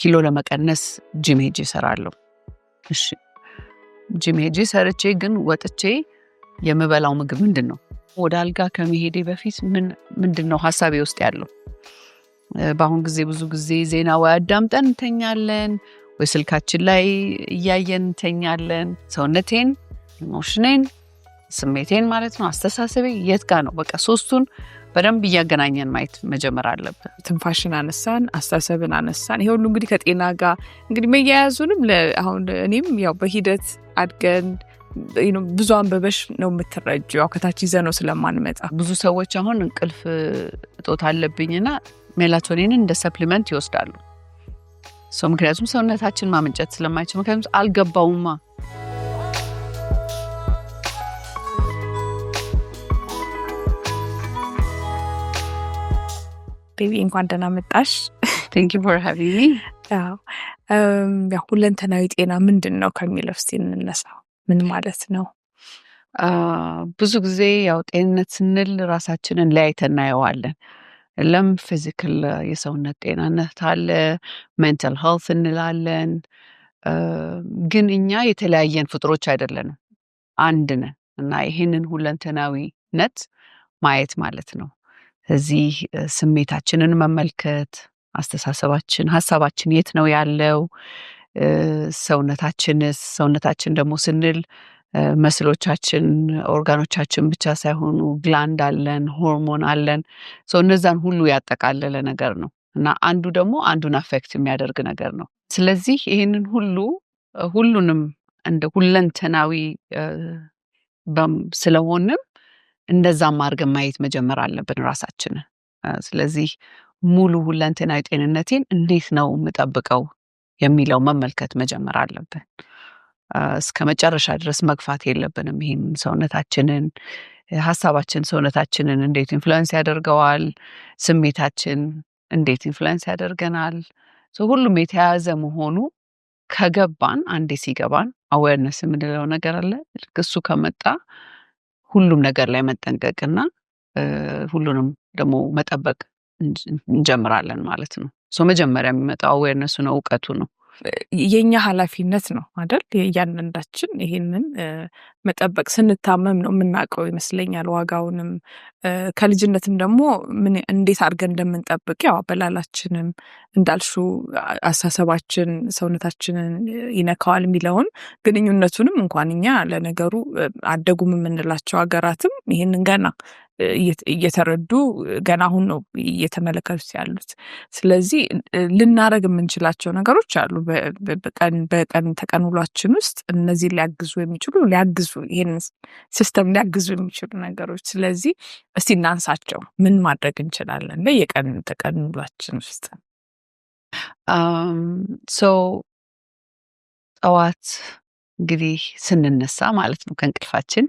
ኪሎ ለመቀነስ ጂም ሄጄ እሰራለሁ። እሺ ጂም ሄጄ ሰርቼ ግን ወጥቼ የምበላው ምግብ ምንድን ነው? ወደ አልጋ ከመሄዴ በፊት ምንድን ነው ሀሳቤ ውስጥ ያለው? በአሁን ጊዜ ብዙ ጊዜ ዜና ወይ አዳምጠን እንተኛለን ወይ ስልካችን ላይ እያየን እንተኛለን። ሰውነቴን፣ ኢሞሽኔን፣ ስሜቴን ማለት ነው አስተሳሰቤ የት ጋ ነው? በቃ ሶስቱን በደንብ እያገናኘን ማየት መጀመር አለብን። ትንፋሽን አነሳን፣ አስተሳሰብን አነሳን። ይሄ ሁሉ እንግዲህ ከጤና ጋር እንግዲህ መያያዙንም አሁን እኔም ያው በሂደት አድገን ብዙ አንበበሽ ነው የምትረጁ ያው ከታች ይዘ ነው ስለማንመጣ ብዙ ሰዎች አሁን እንቅልፍ እጦት አለብኝና ሜላቶኒንን እንደ ሰፕሊመንት ይወስዳሉ። ሰው ምክንያቱም ሰውነታችን ማመንጨት ስለማይችል ምክንያቱም አልገባውማ ቤቢ እንኳን ደህና መጣሽ። ቴንክ ዩ ሁለንተናዊ ጤና ምንድን ነው ከሚለው እስኪ እንነሳ። ምን ማለት ነው? ብዙ ጊዜ ያው ጤንነት ስንል ራሳችንን ለያይተ እናየዋለን። ለም ፊዚክል የሰውነት ጤናነት አለ፣ ሜንታል ሄልት እንላለን። ግን እኛ የተለያየን ፍጥሮች አይደለንም፣ አንድ ነን እና ይህንን ሁለንተናዊነት ማየት ማለት ነው። እዚህ ስሜታችንን መመልከት፣ አስተሳሰባችን፣ ሀሳባችን የት ነው ያለው? ሰውነታችንስ? ሰውነታችን ደግሞ ስንል መስሎቻችን፣ ኦርጋኖቻችን ብቻ ሳይሆኑ ግላንድ አለን፣ ሆርሞን አለን። ሰው እነዛን ሁሉ ያጠቃለለ ነገር ነው እና አንዱ ደግሞ አንዱን አፌክት የሚያደርግ ነገር ነው። ስለዚህ ይህንን ሁሉ ሁሉንም እንደ ሁለንተናዊ ስለሆንም እንደዛም አድርገን ማየት መጀመር አለብን ራሳችንን። ስለዚህ ሙሉ ሁለንተናዊ ጤንነቴን እንዴት ነው የምጠብቀው የሚለው መመልከት መጀመር አለብን። እስከ መጨረሻ ድረስ መግፋት የለብንም። ይህን ሰውነታችንን ሀሳባችን ሰውነታችንን እንዴት ኢንፍሉዌንስ ያደርገዋል፣ ስሜታችን እንዴት ኢንፍሉዌንስ ያደርገናል፣ ሁሉም የተያያዘ መሆኑ ከገባን አንዴ ሲገባን አዌርነስ የምንለው ነገር አለ። እሱ ከመጣ ሁሉም ነገር ላይ መጠንቀቅና ሁሉንም ደግሞ መጠበቅ እንጀምራለን ማለት ነው። መጀመሪያ የሚመጣው አዌርነሱ ነው፣ እውቀቱ ነው። የኛ ኃላፊነት ነው አደል? እያንዳንዳችን ይሄንን መጠበቅ ስንታመም ነው የምናውቀው ይመስለኛል። ዋጋውንም ከልጅነትም ደግሞ ምን እንዴት አድርገን እንደምንጠብቅ ያው አበላላችንም እንዳልሹ አሳሰባችን ሰውነታችንን ይነካዋል የሚለውን ግንኙነቱንም እንኳን እኛ ለነገሩ አደጉም የምንላቸው ሀገራትም ይህንን ገና እየተረዱ ገና አሁን ነው እየተመለከቱት ያሉት። ስለዚህ ልናደረግ የምንችላቸው ነገሮች አሉ። በቀን ተቀን ውሏችን ውስጥ እነዚህ ሊያግዙ የሚችሉ ሊያግዙ ይህን ሲስተም ሊያግዙ የሚችሉ ነገሮች ስለዚህ እስቲ እናንሳቸው። ምን ማድረግ እንችላለን በየቀን ተቀን ውሏችን ውስጥ? ጠዋት እንግዲህ ስንነሳ ማለት ነው ከእንቅልፋችን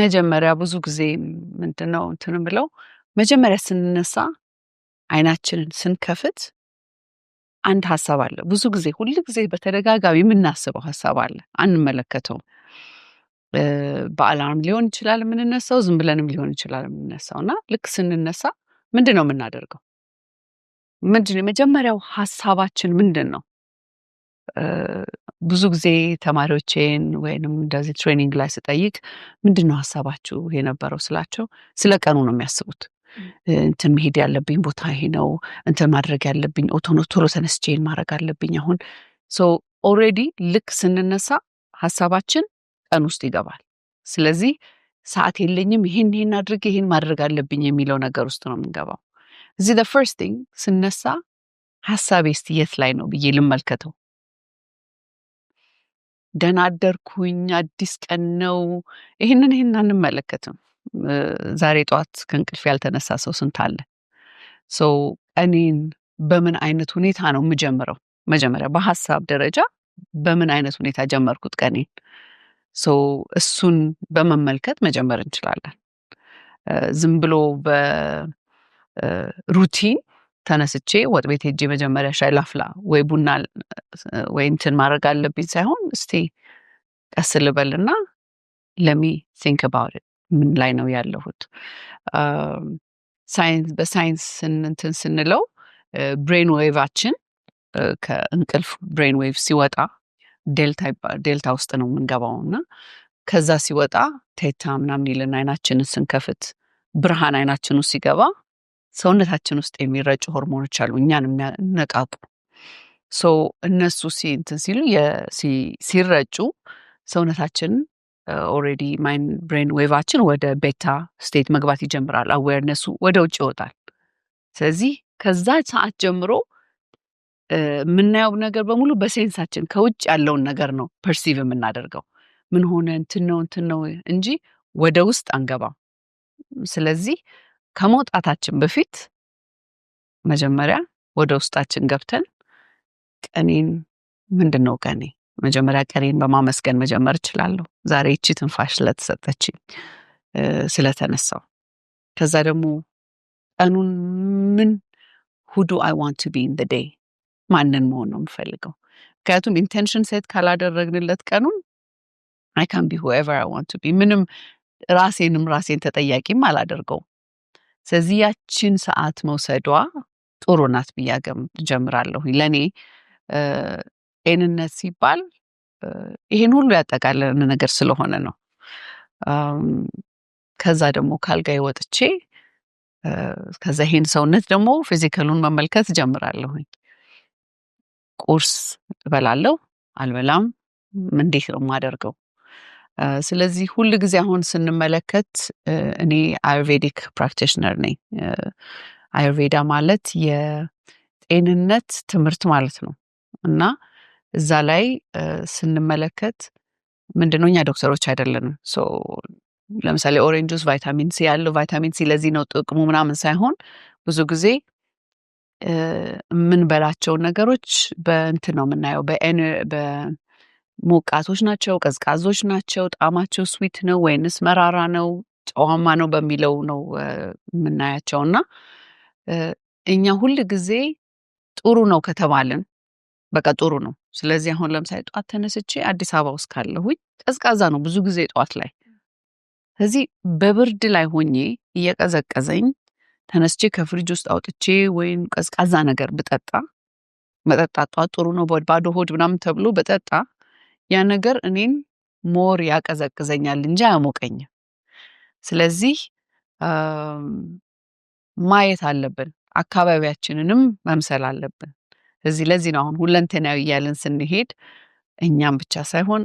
መጀመሪያ ብዙ ጊዜ ምንድነው እንትን ብለው መጀመሪያ ስንነሳ አይናችንን ስንከፍት አንድ ሀሳብ አለ። ብዙ ጊዜ ሁል ጊዜ በተደጋጋሚ የምናስበው ሀሳብ አለ፣ አንመለከተውም። በአላርም ሊሆን ይችላል የምንነሳው፣ ዝም ብለንም ሊሆን ይችላል የምንነሳው እና ልክ ስንነሳ ምንድን ነው የምናደርገው? ምንድን የመጀመሪያው ሀሳባችን ምንድን ነው? ብዙ ጊዜ ተማሪዎቼን ወይንም እንደዚህ ትሬኒንግ ላይ ስጠይቅ ምንድን ነው ሀሳባችሁ የነበረው ስላቸው ስለ ቀኑ ነው የሚያስቡት። እንትን መሄድ ያለብኝ ቦታ ይሄ ነው፣ እንትን ማድረግ ያለብኝ ኦቶኖ ቶሎ ተነስቼን ማድረግ አለብኝ። አሁን ሶ ኦሬዲ ልክ ስንነሳ ሀሳባችን ቀን ውስጥ ይገባል። ስለዚህ ሰዓት የለኝም ይህን ይህን አድርግ ይህን ማድረግ አለብኝ የሚለው ነገር ውስጥ ነው የምንገባው። እዚህ ፈርስት ቲንግ ስነሳ ሀሳቤ ስትየት የት ላይ ነው ብዬ ልመልከተው ደህና አደርኩኝ፣ አዲስ ቀን ነው። ይህንን ይህን አንመለከትም። ዛሬ ጠዋት ከእንቅልፍ ያልተነሳ ሰው ስንት አለ? ሰው ቀኔን በምን አይነት ሁኔታ ነው የምጀምረው? መጀመሪያ በሀሳብ ደረጃ በምን አይነት ሁኔታ ጀመርኩት ቀኔን? ሰው እሱን በመመልከት መጀመር እንችላለን። ዝም ብሎ በሩቲን ተነስቼ ወጥ ቤት ሄጄ መጀመሪያ ሻይ ላፍላ ወይ ቡና ወይ እንትን ማድረግ አለብኝ ሳይሆን እስቲ ቀስ ልበልና ለሚ ቲንክ አባውት ምን ላይ ነው ያለሁት። ሳይንስ በሳይንስ እንትን ስንለው ብሬን ዌቫችን ከእንቅልፍ ብሬን ዌቭ ሲወጣ ዴልታ ውስጥ ነው የምንገባው እና ከዛ ሲወጣ ቴታ ምናምን ይልን አይናችንን ስንከፍት ብርሃን አይናችን ሲገባ ሰውነታችን ውስጥ የሚረጩ ሆርሞኖች አሉ እኛን የሚያነቃቁ። እነሱ ሲንትን ሲሉ ሲረጩ ሰውነታችን ኦሬዲ ማይን ብሬን ዌቫችን ወደ ቤታ ስቴት መግባት ይጀምራል። አዌርነሱ ወደ ውጭ ይወጣል። ስለዚህ ከዛ ሰዓት ጀምሮ የምናየው ነገር በሙሉ በሴንሳችን ከውጭ ያለውን ነገር ነው ፐርሲቭ የምናደርገው። ምን ሆነ እንትን ነው እንትን ነው እንጂ ወደ ውስጥ አንገባም። ስለዚህ ከመውጣታችን በፊት መጀመሪያ ወደ ውስጣችን ገብተን ቀኔን ምንድን ነው ቀኔ? መጀመሪያ ቀኔን በማመስገን መጀመር እችላለሁ። ዛሬ እቺ ትንፋሽ ስለተሰጠችኝ፣ ስለተነሳው። ከዛ ደግሞ ቀኑን ምን ሁዱ አይ ዋንት ቱ ቢ ኢን ደ ዴይ ማንን መሆን ነው የምፈልገው? ምክንያቱም ኢንቴንሽን ሴት ካላደረግንለት ቀኑን አይ ካን ቢ ሁኤቨር አይ ዋንት ቢ ምንም ራሴንም ራሴን ተጠያቂም አላደርገውም። ስለዚህ ያችን ሰዓት መውሰዷ ጥሩ ናት ብያገም ጀምራለሁ። ለእኔ ጤንነት ሲባል ይሄን ሁሉ ያጠቃለን ነገር ስለሆነ ነው። ከዛ ደግሞ ካልጋ ወጥቼ ከዛ ይሄን ሰውነት ደግሞ ፊዚካሉን መመልከት ጀምራለሁኝ። ቁርስ እበላለሁ አልበላም፣ እንዴት ነው የማደርገው? ስለዚህ ሁል ጊዜ አሁን ስንመለከት እኔ አዩርቬዲክ ፕራክቲሽነር ነኝ። አዩርቬዳ ማለት የጤንነት ትምህርት ማለት ነው እና እዛ ላይ ስንመለከት ምንድነው እኛ ዶክተሮች አይደለንም። ለምሳሌ ኦሬንጁስ ቫይታሚን ሲ ያለው ቫይታሚን ሲ ለዚህ ነው ጥቅሙ ምናምን ሳይሆን ብዙ ጊዜ የምንበላቸውን ነገሮች በእንትን ነው የምናየው ሞቃቶች ናቸው፣ ቀዝቃዞች ናቸው፣ ጣዕማቸው ስዊት ነው ወይንስ መራራ ነው፣ ጨዋማ ነው በሚለው ነው የምናያቸው። እና እኛ ሁል ጊዜ ጥሩ ነው ከተባልን በቃ ጥሩ ነው። ስለዚህ አሁን ለምሳሌ ጠዋት ተነስቼ አዲስ አበባ ውስጥ ካለሁኝ ቀዝቃዛ ነው ብዙ ጊዜ ጠዋት ላይ። ስለዚህ በብርድ ላይ ሆኜ እየቀዘቀዘኝ ተነስቼ ከፍሪጅ ውስጥ አውጥቼ ወይም ቀዝቃዛ ነገር ብጠጣ መጠጣ ጠዋት ጥሩ ነው ባዶ ሆድ ምናምን ተብሎ ብጠጣ ያ ነገር እኔን ሞር ያቀዘቅዘኛል እንጂ አያሞቀኝም። ስለዚህ ማየት አለብን፣ አካባቢያችንንም መምሰል አለብን። እዚህ ለዚህ ነው አሁን ሁለንተናዊ እያለን ስንሄድ እኛም ብቻ ሳይሆን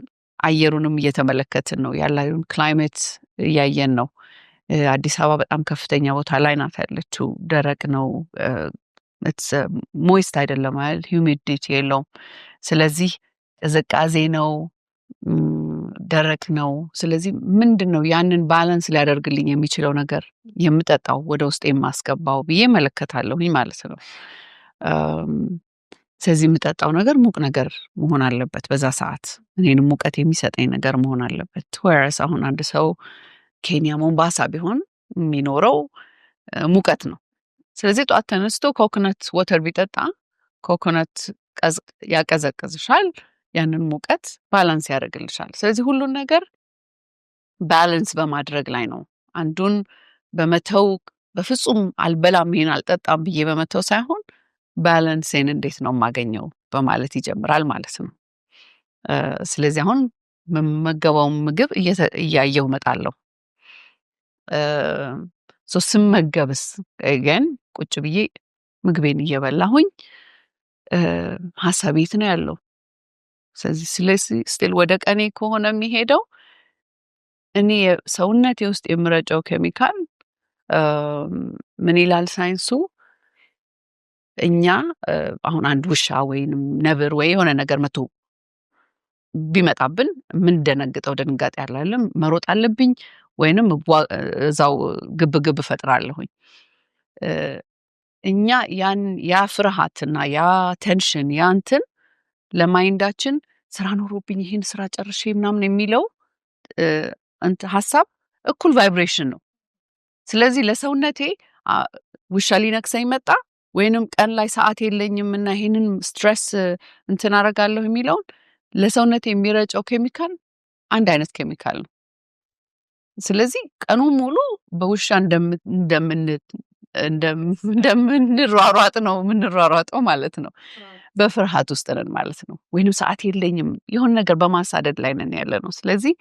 አየሩንም እየተመለከትን ነው ያላዩን ክላይሜት እያየን ነው። አዲስ አበባ በጣም ከፍተኛ ቦታ ላይ ናት ያለችው። ደረቅ ነው፣ ሞይስት አይደለም፣ ያል ሂዩሚዲቲ የለውም። ስለዚህ ቅዝቃዜ ነው፣ ደረቅ ነው። ስለዚህ ምንድን ነው ያንን ባላንስ ሊያደርግልኝ የሚችለው ነገር የምጠጣው ወደ ውስጥ የማስገባው ብዬ መለከታለሁኝ ማለት ነው። ስለዚህ የምጠጣው ነገር ሙቅ ነገር መሆን አለበት። በዛ ሰዓት እኔንም ሙቀት የሚሰጠኝ ነገር መሆን አለበት። ወይስ አሁን አንድ ሰው ኬንያ ሞምባሳ ቢሆን የሚኖረው ሙቀት ነው። ስለዚህ ጧት ተነስቶ ኮኮነት ወተር ቢጠጣ ኮኮነት ያቀዘቅዝሻል። ያንን ሙቀት ባላንስ ያደርግልሻል። ስለዚህ ሁሉን ነገር ባላንስ በማድረግ ላይ ነው። አንዱን በመተው በፍጹም አልበላም ይሄን አልጠጣም ብዬ በመተው ሳይሆን ባላንሴን እንዴት ነው የማገኘው በማለት ይጀምራል ማለት ነው። ስለዚህ አሁን መገባውን ምግብ እያየው እመጣለሁ። ስመገብስ ግን ቁጭ ብዬ ምግቤን እየበላሁኝ ሀሳብ የት ነው ያለው? ስለዚህ ስለዚህ ስቲል ወደ ቀኔ ከሆነ የሚሄደው እኔ ሰውነቴ ውስጥ የምረጨው ኬሚካል ምን ይላል ሳይንሱ? እኛ አሁን አንድ ውሻ ወይንም ነብር ወይ የሆነ ነገር መቶ ቢመጣብን የምንደነግጠው ድንጋጤ አላለም። መሮጥ አለብኝ ወይንም እዛው ግብ ግብ እፈጥራለሁኝ። እኛ ያን ያ ፍርሃትና ያ ቴንሽን ያንትን ለማይንዳችን ስራ ኖሮብኝ ይህን ስራ ጨርሼ ምናምን የሚለው ሀሳብ እኩል ቫይብሬሽን ነው። ስለዚህ ለሰውነቴ ውሻ ሊነክሰኝ መጣ ወይንም ቀን ላይ ሰዓት የለኝም እና ይህንን ስትረስ እንትን አረጋለሁ የሚለውን ለሰውነቴ የሚረጨው ኬሚካል አንድ አይነት ኬሚካል ነው። ስለዚህ ቀኑ ሙሉ በውሻ እንደምንሯሯጥ ነው የምንሯሯጠው ማለት ነው። በፍርሃት ውስጥ ነን ማለት ነው። ወይንም ሰዓት የለኝም የሆን ነገር በማሳደድ ላይ ነን ያለ ነው። ስለዚህ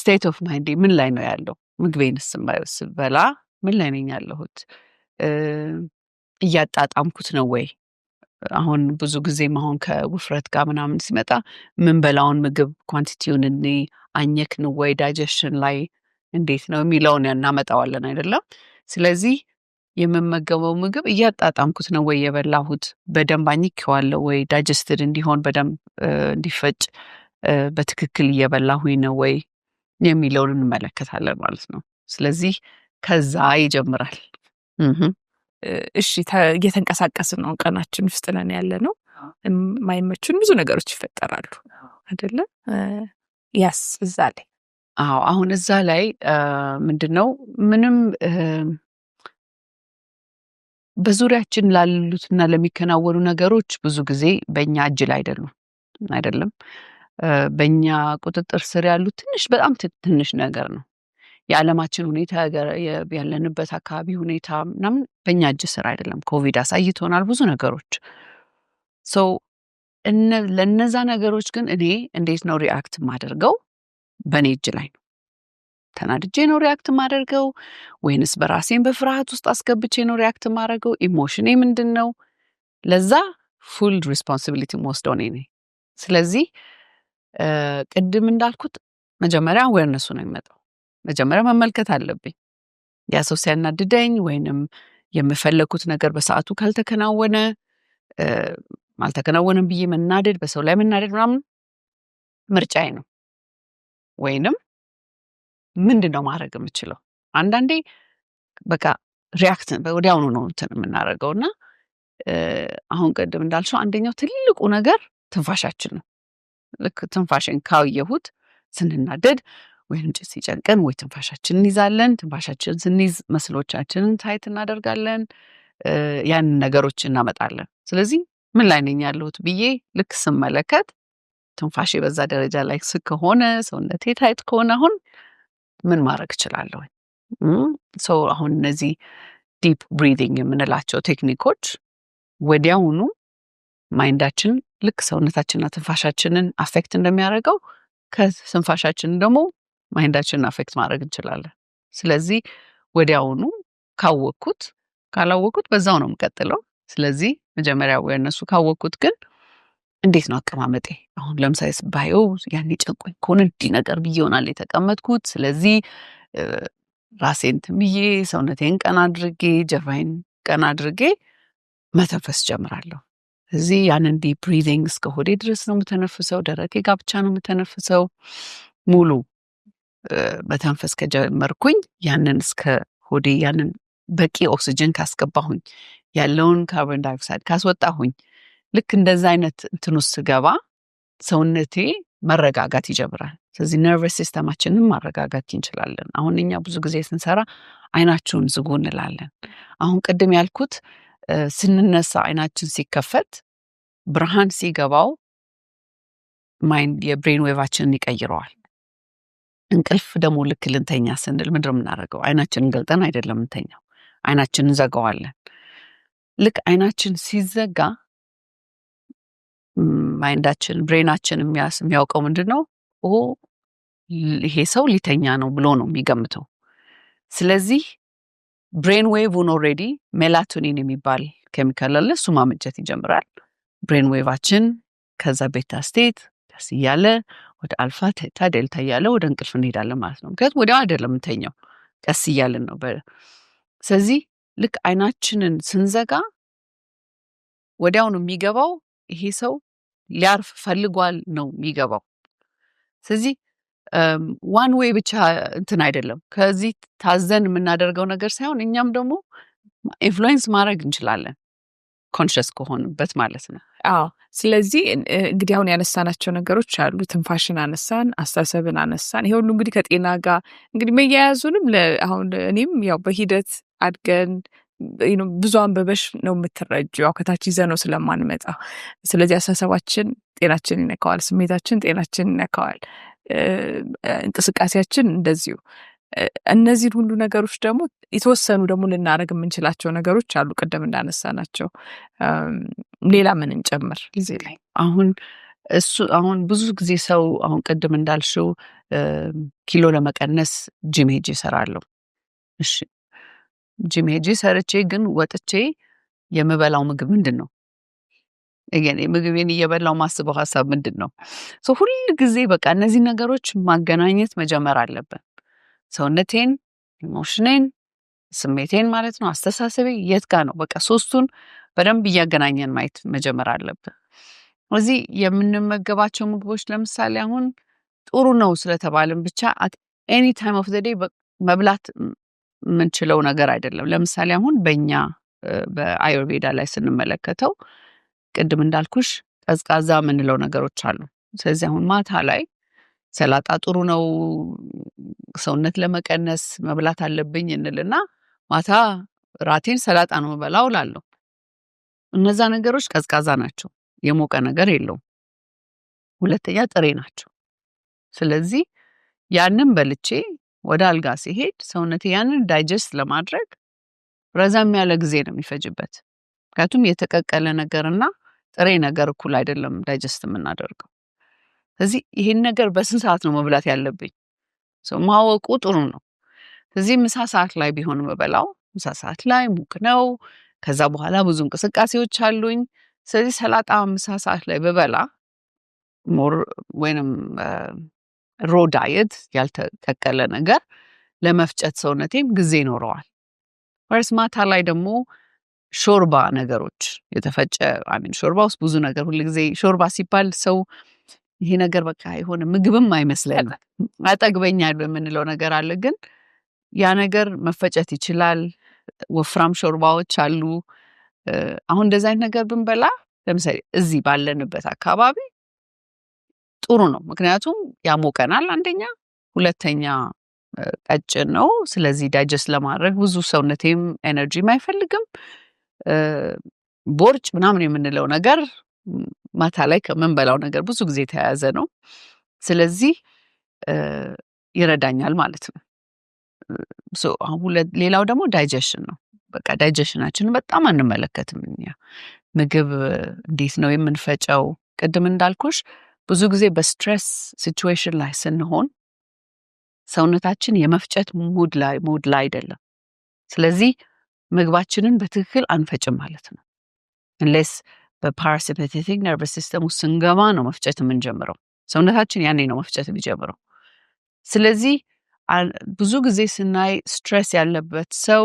ስቴት ኦፍ ማይንድ ምን ላይ ነው ያለው? ምግቤንስ ስበላ ምን ላይ ነኝ ያለሁት? እያጣጣምኩት ነው ወይ? አሁን ብዙ ጊዜ አሁን ከውፍረት ጋር ምናምን ሲመጣ በላውን ምግብ ኳንቲቲውን እኔ አኘክን ወይ ዳይጀሽን ላይ እንዴት ነው የሚለውን እናመጣዋለን አይደለም። ስለዚህ የምመገበው ምግብ እያጣጣምኩት ነው ወይ የበላሁት፣ በደንብ አኝኬዋለሁ ወይ ዳጀስትድ እንዲሆን በደንብ እንዲፈጭ በትክክል እየበላሁኝ ነው ወይ የሚለውን እንመለከታለን ማለት ነው። ስለዚህ ከዛ ይጀምራል። እሺ፣ እየተንቀሳቀስ ነው ቀናችን ውስጥ ነን ያለ ነው። የማይመቹን ብዙ ነገሮች ይፈጠራሉ አይደለም? ያስ እዛ ላይ አዎ፣ አሁን እዛ ላይ ምንድን ነው ምንም በዙሪያችን ላሉትና ለሚከናወኑ ነገሮች ብዙ ጊዜ በእኛ እጅ ላይ አይደሉም አይደለም። በእኛ ቁጥጥር ስር ያሉት ትንሽ በጣም ትንሽ ነገር ነው። የዓለማችን ሁኔታ ያለንበት አካባቢ ሁኔታ ምናምን በእኛ እጅ ስር አይደለም። ኮቪድ አሳይቶናል ብዙ ነገሮች ሰው ነገሮች ግን እኔ እንዴት ነው ሪአክት ማደርገው በእኔ እጅ ላይ ነው። ተናድጄ ነው ሪያክት ማደርገው ወይንስ በራሴን በፍርሃት ውስጥ አስገብቼ ነው ሪያክት ማደርገው? ኢሞሽኔ ምንድን ነው? ለዛ ፉል ሪስፖንሲቢሊቲ መወስደው እኔ ነኝ። ስለዚህ ቅድም እንዳልኩት መጀመሪያ አዌርነሱ ነው የሚመጣው። መጀመሪያ መመልከት አለብኝ ያ ሰው ሲያናድደኝ ወይንም የምፈለግኩት ነገር በሰዓቱ ካልተከናወነ አልተከናወነም ብዬ መናደድ፣ በሰው ላይ መናደድ ምናምን ምርጫዬ ነው ወይንም ምንድን ነው ማድረግ የምችለው? አንዳንዴ በቃ ሪያክት ወዲያውኑ ነው እንትን የምናደርገው እና አሁን ቅድም እንዳልሽው አንደኛው ትልቁ ነገር ትንፋሻችን ነው። ልክ ትንፋሽን ካውየሁት ስንናደድ ወይም ጭስ ሲጨንቀን ወይ ትንፋሻችን እንይዛለን። ትንፋሻችን ስንይዝ መስሎቻችንን ታይት እናደርጋለን። ያንን ነገሮች እናመጣለን። ስለዚህ ምን ላይ ነኝ ያለሁት ብዬ ልክ ስመለከት ትንፋሽ በዛ ደረጃ ላይ ከሆነ ሰውነቴ ታይት ከሆነ አሁን ምን ማድረግ እችላለሁ? ሰው አሁን እነዚህ ዲፕ ብሪንግ የምንላቸው ቴክኒኮች ወዲያውኑ ማይንዳችን ልክ ሰውነታችንና ትንፋሻችንን አፌክት እንደሚያደርገው ከትንፋሻችን ደግሞ ማይንዳችንን አፌክት ማድረግ እንችላለን። ስለዚህ ወዲያውኑ ካወቅኩት፣ ካላወቅኩት በዛው ነው የምቀጥለው። ስለዚህ መጀመሪያ እነሱ ካወቅኩት ግን እንዴት ነው አቀማመጤ? አሁን ለምሳሌ ባየው ያኔ ጨንቆኝ ከሆነ እንዲህ ነገር ብዬ ይሆናል የተቀመጥኩት። ስለዚህ ራሴን ትምዬ ሰውነቴን ቀና አድርጌ ጀርባዬን ቀና አድርጌ መተንፈስ ጀምራለሁ። እዚህ ያን እንዲህ ብሪዚንግ እስከ ሆዴ ድረስ ነው የምተነፍሰው። ደረቴ ጋ ብቻ ነው የምተነፍሰው። ሙሉ መተንፈስ ከጀመርኩኝ ያንን እስከ ሆዴ ያንን በቂ ኦክስጅን ካስገባሁኝ ያለውን ካርቦን ዳይኦክሳይድ ካስወጣሁኝ ልክ እንደዚ አይነት እንትን ውስጥ ስገባ ሰውነቴ መረጋጋት ይጀምራል። ስለዚህ ነርቨስ ሲስተማችንን ማረጋጋት እንችላለን። አሁን እኛ ብዙ ጊዜ ስንሰራ አይናችሁን ዝጉ እንላለን። አሁን ቅድም ያልኩት ስንነሳ አይናችን ሲከፈት ብርሃን ሲገባው ማይንድ የብሬን ዌቫችንን ይቀይረዋል። እንቅልፍ ደግሞ ልክ ልንተኛ ስንል ምንድን የምናደርገው? አይናችንን ገልጠን አይደለም ምንተኛው፣ አይናችንን እንዘጋዋለን። ልክ አይናችን ሲዘጋ ማይንዳችን ብሬናችን የሚያውቀው ምንድን ነው? ይሄ ሰው ሊተኛ ነው ብሎ ነው የሚገምተው። ስለዚህ ብሬን ዌቭን ኦልሬዲ ሜላቶኒን የሚባል ኬሚካል አለ። እሱ ማመንጨት ይጀምራል። ብሬን ዌቫችን ከዛ ቤታ ስቴት ደስ እያለ ወደ አልፋ ቴታ፣ ዴልታ እያለ ወደ እንቅልፍ እንሄዳለን ማለት ነው። ምክንያቱም ወዲያው አይደለም የምንተኛው ቀስ እያለን ነው። ስለዚህ ልክ አይናችንን ስንዘጋ ወዲያውን የሚገባው ይሄ ሰው ሊያርፍ ፈልጓል ነው የሚገባው። ስለዚህ ዋን ዌይ ብቻ እንትን አይደለም። ከዚህ ታዘን የምናደርገው ነገር ሳይሆን እኛም ደግሞ ኢንፍሉዌንስ ማድረግ እንችላለን ኮንሽስ ከሆንበት ማለት ነው። አዎ። ስለዚህ እንግዲህ አሁን ያነሳናቸው ነገሮች አሉ። ትንፋሽን አነሳን፣ አስተሳሰብን አነሳን። ይሄ ሁሉ እንግዲህ ከጤና ጋር እንግዲህ መያያዙንም አሁን እኔም ያው በሂደት አድገን ብዙ አንበበሽ ነው የምትረጂው። ያው ከታች ይዘ ነው ስለማንመጣ። ስለዚህ አሳሰባችን ጤናችን ይነካዋል፣ ስሜታችን ጤናችን ይነካዋል፣ እንቅስቃሴያችን እንደዚሁ። እነዚህን ሁሉ ነገሮች ደግሞ የተወሰኑ ደግሞ ልናደረግ የምንችላቸው ነገሮች አሉ። ቅድም እንዳነሳ ናቸው። ሌላ ምን እንጨምር? ጊዜ ላይ አሁን እሱ አሁን ብዙ ጊዜ ሰው አሁን ቅድም እንዳልሽው ኪሎ ለመቀነስ ጂሜጅ ሄጄ እሺ ጂም ሄጄ ሰርቼ ግን ወጥቼ የምበላው ምግብ ምንድን ነው? ምግቤን እየበላው ማስበው ሀሳብ ምንድን ነው? ሁል ጊዜ በቃ እነዚህ ነገሮች ማገናኘት መጀመር አለብን። ሰውነቴን፣ ኢሞሽኔን፣ ስሜቴን ማለት ነው አስተሳሰቤ የት ጋ ነው? በቃ ሶስቱን በደንብ እያገናኘን ማየት መጀመር አለብን። እዚህ የምንመገባቸው ምግቦች ለምሳሌ አሁን ጥሩ ነው ስለተባልን ብቻ ኤኒ ታይም ኦፍ ዘ ዴይ መብላት የምንችለው ነገር አይደለም። ለምሳሌ አሁን በእኛ በአዩርቬዳ ላይ ስንመለከተው ቅድም እንዳልኩሽ ቀዝቃዛ የምንለው ነገሮች አሉ። ስለዚህ አሁን ማታ ላይ ሰላጣ ጥሩ ነው ሰውነት ለመቀነስ መብላት አለብኝ እንልና ማታ ራቴን ሰላጣ ነው የምበላው እላለሁ። እነዛ ነገሮች ቀዝቃዛ ናቸው፣ የሞቀ ነገር የለውም። ሁለተኛ ጥሬ ናቸው። ስለዚህ ያንን በልቼ ወደ አልጋ ሲሄድ ሰውነት ያንን ዳይጀስት ለማድረግ ረዘም ያለ ጊዜ ነው የሚፈጅበት። ምክንያቱም የተቀቀለ ነገርና ጥሬ ነገር እኩል አይደለም ዳይጀስት የምናደርገው። ስለዚህ ይህን ነገር በስንት ሰዓት ነው መብላት ያለብኝ ሰው ማወቁ ጥሩ ነው። ስለዚህ ምሳ ሰዓት ላይ ቢሆን መበላው ምሳ ሰዓት ላይ ሙቅ ነው። ከዛ በኋላ ብዙ እንቅስቃሴዎች አሉኝ። ስለዚህ ሰላጣ ምሳ ሰዓት ላይ በበላ ሞር ወይንም ሮ ዳየት ያልተቀቀለ ነገር ለመፍጨት ሰውነቴም ጊዜ ይኖረዋል። ወርስ ማታ ላይ ደግሞ ሾርባ ነገሮች የተፈጨ አሚን ሾርባ ውስጥ ብዙ ነገር ሁልጊዜ ሾርባ ሲባል ሰው ይሄ ነገር በቃ የሆነ ምግብም አይመስለንም አጠግበኛል የምንለው ነገር አለ። ግን ያ ነገር መፈጨት ይችላል። ወፍራም ሾርባዎች አሉ። አሁን እንደዚ አይነት ነገር ብንበላ ለምሳሌ እዚህ ባለንበት አካባቢ ጥሩ ነው። ምክንያቱም ያሞቀናል አንደኛ፣ ሁለተኛ ቀጭን ነው። ስለዚህ ዳይጀስት ለማድረግ ብዙ ሰውነቴም ኤነርጂም አይፈልግም። ቦርጭ ምናምን የምንለው ነገር ማታ ላይ ከምንበላው ነገር ብዙ ጊዜ የተያያዘ ነው። ስለዚህ ይረዳኛል ማለት ነው። ሌላው ደግሞ ዳይጀሽን ነው። በቃ ዳይጀሽናችንን በጣም አንመለከትም እኛ። ምግብ እንዴት ነው የምንፈጨው? ቅድም እንዳልኩሽ ብዙ ጊዜ በስትሬስ ሲትዌሽን ላይ ስንሆን ሰውነታችን የመፍጨት ሙድ ላይ ሙድ ላይ አይደለም። ስለዚህ ምግባችንን በትክክል አንፈጭም ማለት ነው። እንሌስ በፓራሲምፐቴቲክ ነርቨስ ውስጥ ስንገባ ነው መፍጨት የምንጀምረው። ሰውነታችን ያኔ ነው መፍጨት የሚጀምረው። ስለዚህ ብዙ ጊዜ ስናይ ስትሬስ ያለበት ሰው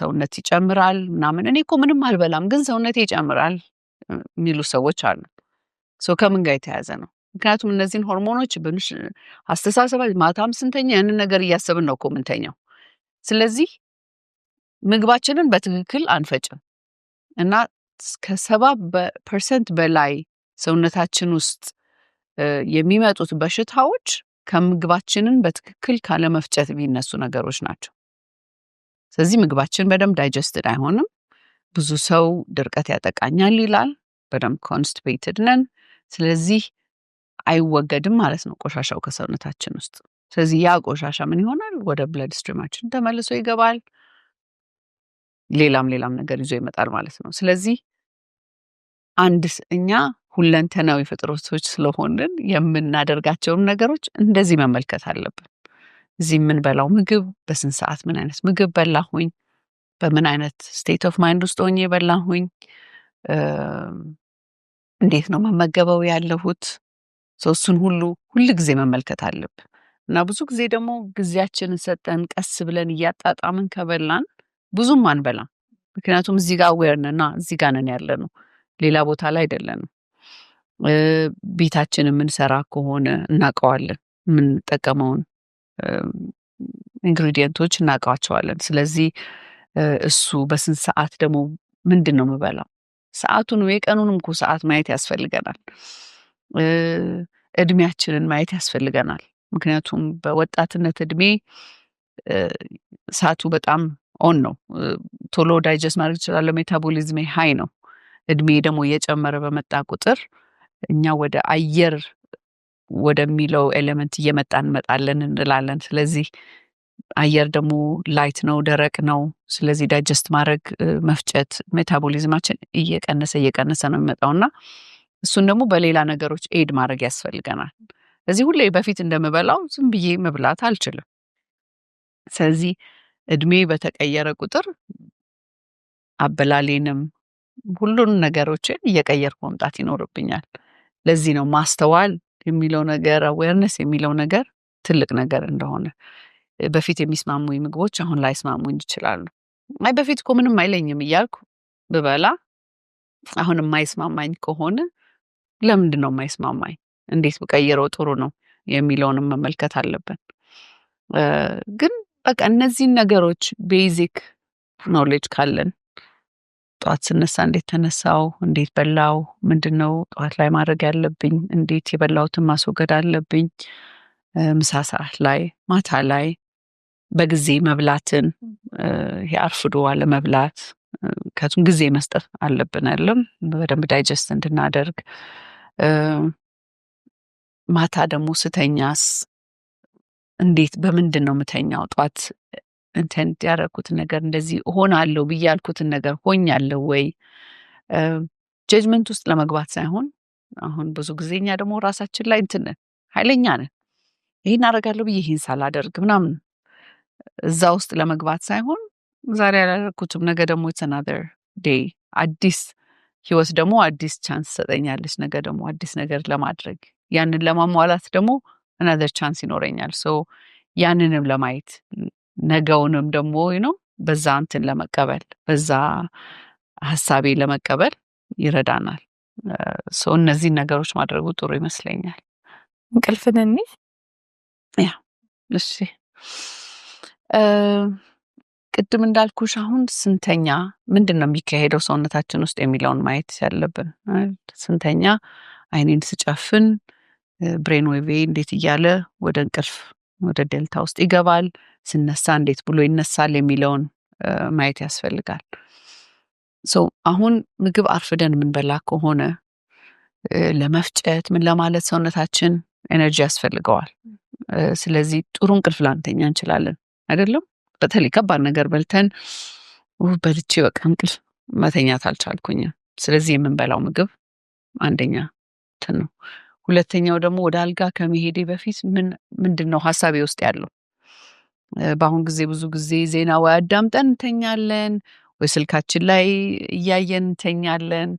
ሰውነት ይጨምራል ምናምን። እኔ እኮ ምንም አልበላም ግን ሰውነት ይጨምራል የሚሉ ሰዎች አሉ። ከምን ጋር የተያዘ ነው? ምክንያቱም እነዚህን ሆርሞኖች ብንሽ አስተሳሰባ ማታም ስንተኛ ያንን ነገር እያሰብን ነው እኮ ስለዚህ ምግባችንን በትክክል አንፈጭም እና ከሰባ ፐርሰንት በላይ ሰውነታችን ውስጥ የሚመጡት በሽታዎች ከምግባችንን በትክክል ካለመፍጨት የሚነሱ ነገሮች ናቸው። ስለዚህ ምግባችን በደንብ ዳይጀስትድ አይሆንም። ብዙ ሰው ድርቀት ያጠቃኛል ይላል። በደንብ ኮንስቲፔትድ ነን። ስለዚህ አይወገድም ማለት ነው ቆሻሻው ከሰውነታችን ውስጥ። ስለዚህ ያ ቆሻሻ ምን ይሆናል? ወደ ብለድ ስትሪማችን ተመልሶ ይገባል። ሌላም ሌላም ነገር ይዞ ይመጣል ማለት ነው። ስለዚህ አንድ እኛ ሁለንተናዊ ፍጥረቶች ስለሆንን የምናደርጋቸውን ነገሮች እንደዚህ መመልከት አለብን። እዚህ የምንበላው ምግብ በስንት ሰዓት ምን አይነት ምግብ በላሁኝ፣ በምን አይነት ስቴት ኦፍ ማይንድ ውስጥ ሆኜ በላሁኝ እንዴት ነው መመገበው ያለሁት ሰው እሱን ሁሉ ሁል ጊዜ መመልከት አለብ እና ብዙ ጊዜ ደግሞ ጊዜያችንን ሰጠን ቀስ ብለን እያጣጣምን ከበላን ብዙም አንበላ። ምክንያቱም እዚህ ጋር አዌርንና እዚህ ጋር ነን ያለ ነው፣ ሌላ ቦታ ላይ አይደለንም። ቤታችን የምንሰራ ከሆነ እናውቀዋለን፣ የምንጠቀመውን ኢንግሪዲየንቶች እናቀዋቸዋለን። ስለዚህ እሱ በስንት ሰዓት ደግሞ ምንድን ነው የምበላው ሰዓቱን የቀኑንም እኮ ሰዓት ማየት ያስፈልገናል። እድሜያችንን ማየት ያስፈልገናል። ምክንያቱም በወጣትነት እድሜ ሰዓቱ በጣም ኦን ነው። ቶሎ ዳይጀስት ማድረግ ይችላለሁ። ሜታቦሊዝሜ ሀይ ነው። እድሜ ደግሞ እየጨመረ በመጣ ቁጥር እኛ ወደ አየር ወደሚለው ኤሌመንት እየመጣ እንመጣለን እንላለን። ስለዚህ አየር ደግሞ ላይት ነው፣ ደረቅ ነው። ስለዚህ ዳይጀስት ማድረግ መፍጨት፣ ሜታቦሊዝማችን እየቀነሰ እየቀነሰ ነው የሚመጣው እና እሱን ደግሞ በሌላ ነገሮች ኤድ ማድረግ ያስፈልገናል። እዚህ ሁሌ በፊት እንደምበላው ዝም ብዬ መብላት አልችልም። ስለዚህ እድሜ በተቀየረ ቁጥር አበላሌንም ሁሉን ነገሮችን እየቀየርኩ መምጣት ይኖርብኛል። ለዚህ ነው ማስተዋል የሚለው ነገር አዌርነስ የሚለው ነገር ትልቅ ነገር እንደሆነ በፊት የሚስማሙኝ ምግቦች አሁን ላይ ስማሙኝ ይችላሉ። አይ በፊት እኮ ምንም አይለኝም እያልኩ ብበላ አሁን የማይስማማኝ ከሆነ ለምንድን ነው የማይስማማኝ? እንዴት ብቀይረው ጥሩ ነው የሚለውንም መመልከት አለብን። ግን በቃ እነዚህን ነገሮች ቤዚክ ኖሌጅ ካለን ጠዋት ስነሳ እንዴት ተነሳው፣ እንዴት በላው፣ ምንድን ነው ጠዋት ላይ ማድረግ ያለብኝ፣ እንዴት የበላሁትን ማስወገድ አለብኝ፣ ምሳ ሰዓት ላይ፣ ማታ ላይ በጊዜ መብላትን የአርፍዶ አለመብላት ከቱም ጊዜ መስጠት አለብን አለም በደንብ ዳይጀስት እንድናደርግ ማታ ደግሞ ስተኛስ እንዴት በምንድን ነው ምተኛው ጠዋት ኢንቴንት ያደረግኩትን ነገር እንደዚህ እሆናለሁ ብዬ ያልኩትን ነገር ሆኛለሁ ወይ ጀጅመንት ውስጥ ለመግባት ሳይሆን አሁን ብዙ ጊዜኛ ደግሞ ራሳችን ላይ እንትን ኃይለኛ ነን ይህን አረጋለሁ ብዬ ይህን ሳላደርግ ምናምን እዛ ውስጥ ለመግባት ሳይሆን ዛሬ ያላደረኩትም ነገ ደግሞ ተናደር ዴይ አዲስ ህይወት ደግሞ አዲስ ቻንስ ሰጠኛለች። ነገ ደግሞ አዲስ ነገር ለማድረግ ያንን ለማሟላት ደግሞ አናዘር ቻንስ ይኖረኛል። ሶ ያንንም ለማየት ነገውንም ደግሞ ነው በዛ እንትን ለመቀበል በዛ ሀሳቤ ለመቀበል ይረዳናል። ሶ እነዚህን ነገሮች ማድረጉ ጥሩ ይመስለኛል። እንቅልፍንኒ ያ እሺ ቅድም እንዳልኩሽ አሁን ስንተኛ ምንድን ነው የሚካሄደው ሰውነታችን ውስጥ የሚለውን ማየት ያለብን። ስንተኛ አይኔን ስጨፍን ብሬን ዌቬ እንዴት እያለ ወደ እንቅልፍ ወደ ዴልታ ውስጥ ይገባል፣ ስነሳ እንዴት ብሎ ይነሳል የሚለውን ማየት ያስፈልጋል። አሁን ምግብ አርፍደን የምንበላ ከሆነ ለመፍጨት ምን ለማለት ሰውነታችን ኤነርጂ ያስፈልገዋል። ስለዚህ ጥሩ እንቅልፍ ላንተኛ እንችላለን። አይደለም። በተለይ ከባድ ነገር በልተን በልቼ በቃ እንቅልፍ መተኛት አልቻልኩኝም። ስለዚህ የምንበላው ምግብ አንደኛ እንትን ነው። ሁለተኛው ደግሞ ወደ አልጋ ከመሄዴ በፊት ምን ምንድን ነው ሀሳቤ ውስጥ ያለው? በአሁን ጊዜ ብዙ ጊዜ ዜና ወይ አዳምጠን እንተኛለን፣ ወይ ስልካችን ላይ እያየን እንተኛለን።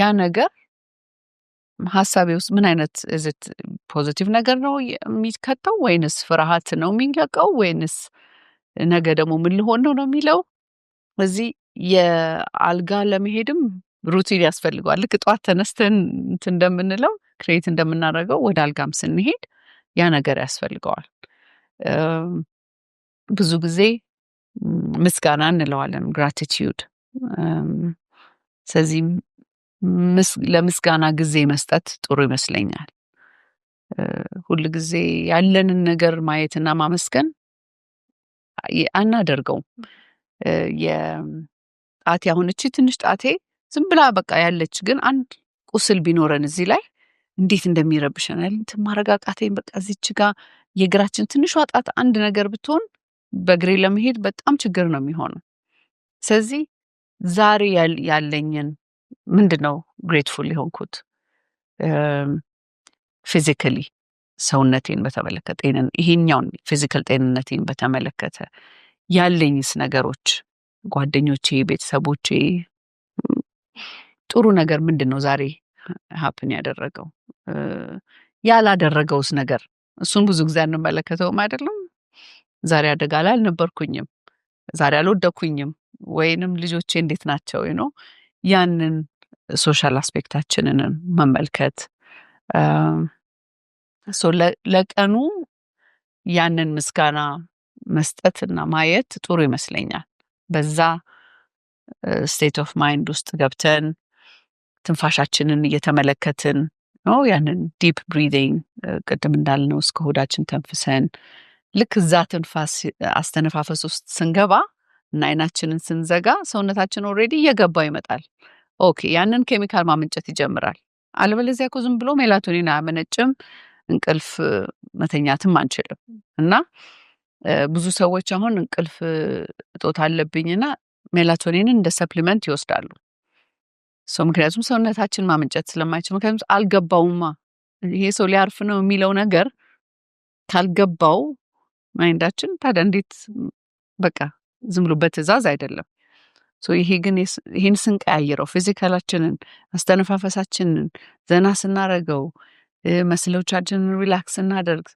ያ ነገር ሀሳቤ ውስጥ ምን አይነት እዚት ፖዚቲቭ ነገር ነው የሚከተው ወይንስ ፍርሃት ነው የሚንቀቀው ወይንስ ነገ ደግሞ ምን ልሆን ነው ነው የሚለው እዚህ የአልጋ ለመሄድም ሩቲን ያስፈልገዋል። ልክ ጠዋት ተነስተን እንደምንለው ክሬት እንደምናደርገው ወደ አልጋም ስንሄድ ያ ነገር ያስፈልገዋል። ብዙ ጊዜ ምስጋና እንለዋለን ግራቲቲዩድ። ስለዚህ ለምስጋና ጊዜ መስጠት ጥሩ ይመስለኛል። ሁል ጊዜ ያለንን ነገር ማየትና ማመስገን አናደርገውም። የጣቴ አሁን ትንሽ ጣቴ ዝም ብላ በቃ ያለች፣ ግን አንድ ቁስል ቢኖረን እዚህ ላይ እንዴት እንደሚረብሸናል እንትን ማረጋቃቴን በቃ እዚች ጋ የእግራችን ትንሽ ጣት አንድ ነገር ብትሆን በእግሬ ለመሄድ በጣም ችግር ነው የሚሆነው። ስለዚህ ዛሬ ያለኝን ምንድን ነው ግሬትፉል የሆንኩት ፊዚካሊ ሰውነቴን በተመለከተ ይሄኛውን ፊዚካል ጤንነቴን በተመለከተ ያለኝስ ነገሮች ጓደኞቼ፣ ቤተሰቦቼ ጥሩ ነገር ምንድን ነው ዛሬ ሀፕን ያደረገው ያላደረገውስ ነገር እሱን ብዙ ጊዜ አንመለከተውም አይደለም። ዛሬ አደጋ ላይ አልነበርኩኝም፣ ዛሬ አልወደኩኝም፣ ወይንም ልጆቼ እንዴት ናቸው ነው ያንን ሶሻል አስፔክታችንን መመልከት ለቀኑ ያንን ምስጋና መስጠት እና ማየት ጥሩ ይመስለኛል። በዛ ስቴት ኦፍ ማይንድ ውስጥ ገብተን ትንፋሻችንን እየተመለከትን ነው። ያንን ዲፕ ብሪንግ ቅድም እንዳልነው እስከ ሆዳችን ተንፍሰን ልክ እዛ ትንፋስ አስተነፋፈስ ውስጥ ስንገባ እና አይናችንን ስንዘጋ ሰውነታችን ኦሬዲ እየገባው ይመጣል። ኦኬ፣ ያንን ኬሚካል ማመንጨት ይጀምራል። አለበለዚያ እኮ ዝም ብሎ ሜላቶኒን አያመነጭም፣ እንቅልፍ መተኛትም አንችልም። እና ብዙ ሰዎች አሁን እንቅልፍ እጦት አለብኝና ሜላቶኒንን እንደ ሰፕሊመንት ይወስዳሉ። ሰው ምክንያቱም ሰውነታችን ማመንጨት ስለማይችል ምክንያቱም አልገባውማ ይሄ ሰው ሊያርፍ ነው የሚለው ነገር ካልገባው ማይንዳችን ታዲያ እንዴት በቃ ዝም ብሎ በትዕዛዝ አይደለም። ይሄ ግን ይህን ስንቀያይረው ፊዚካላችንን፣ አስተነፋፈሳችንን ዘና ስናረገው፣ መስሎቻችንን ሪላክስ ስናደርግ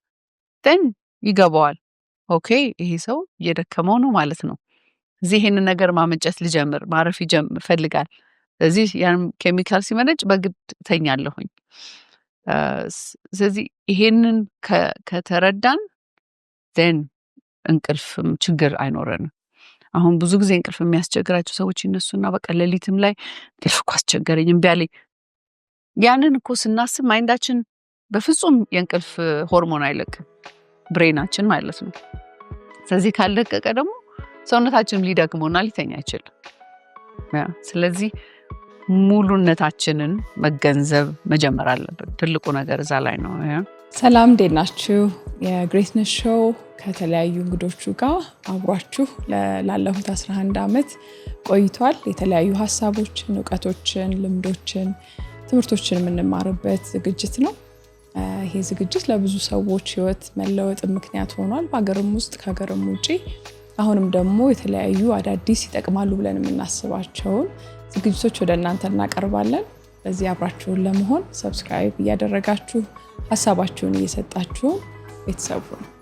ን ይገባዋል። ኦኬ ይሄ ሰው እየደከመው ነው ማለት ነው። እዚህ ይህን ነገር ማመንጨት ልጀምር፣ ማረፍ ይፈልጋል። ስለዚህ ያን ኬሚካል ሲመነጭ በግድ ተኛለሁኝ። ስለዚህ ይሄንን ከተረዳን ን እንቅልፍም ችግር አይኖረንም። አሁን ብዙ ጊዜ እንቅልፍ የሚያስቸግራቸው ሰዎች ይነሱና በቃ ሌሊትም ላይ እንቅልፍ እኮ አስቸገረኝ እምቢ አለኝ። ያንን እኮ ስናስብ ማይንዳችን በፍጹም የእንቅልፍ ሆርሞን አይለቅም፣ ብሬናችን ማለት ነው። ስለዚህ ካልለቀቀ ደግሞ ሰውነታችንም ሊደግመውና ሊተኛ አይችልም። ስለዚህ ሙሉነታችንን መገንዘብ መጀመር አለብን። ትልቁ ነገር እዛ ላይ ነው። ሰላም እንዴት ናችሁ? የግሬትነስ ሾው ከተለያዩ እንግዶቹ ጋር አብሯችሁ ላለፉት 11 ዓመት ቆይቷል። የተለያዩ ሀሳቦችን፣ እውቀቶችን፣ ልምዶችን፣ ትምህርቶችን የምንማርበት ዝግጅት ነው። ይሄ ዝግጅት ለብዙ ሰዎች ህይወት መለወጥ ምክንያት ሆኗል። በሀገርም ውስጥ ከሀገርም ውጪ አሁንም ደግሞ የተለያዩ አዳዲስ ይጠቅማሉ ብለን የምናስባቸውን ዝግጅቶች ወደ እናንተ እናቀርባለን። በዚህ አብራችሁን ለመሆን ሰብስክራይብ እያደረጋችሁ ሀሳባችሁን እየሰጣችሁ ቤተሰቡ ነው።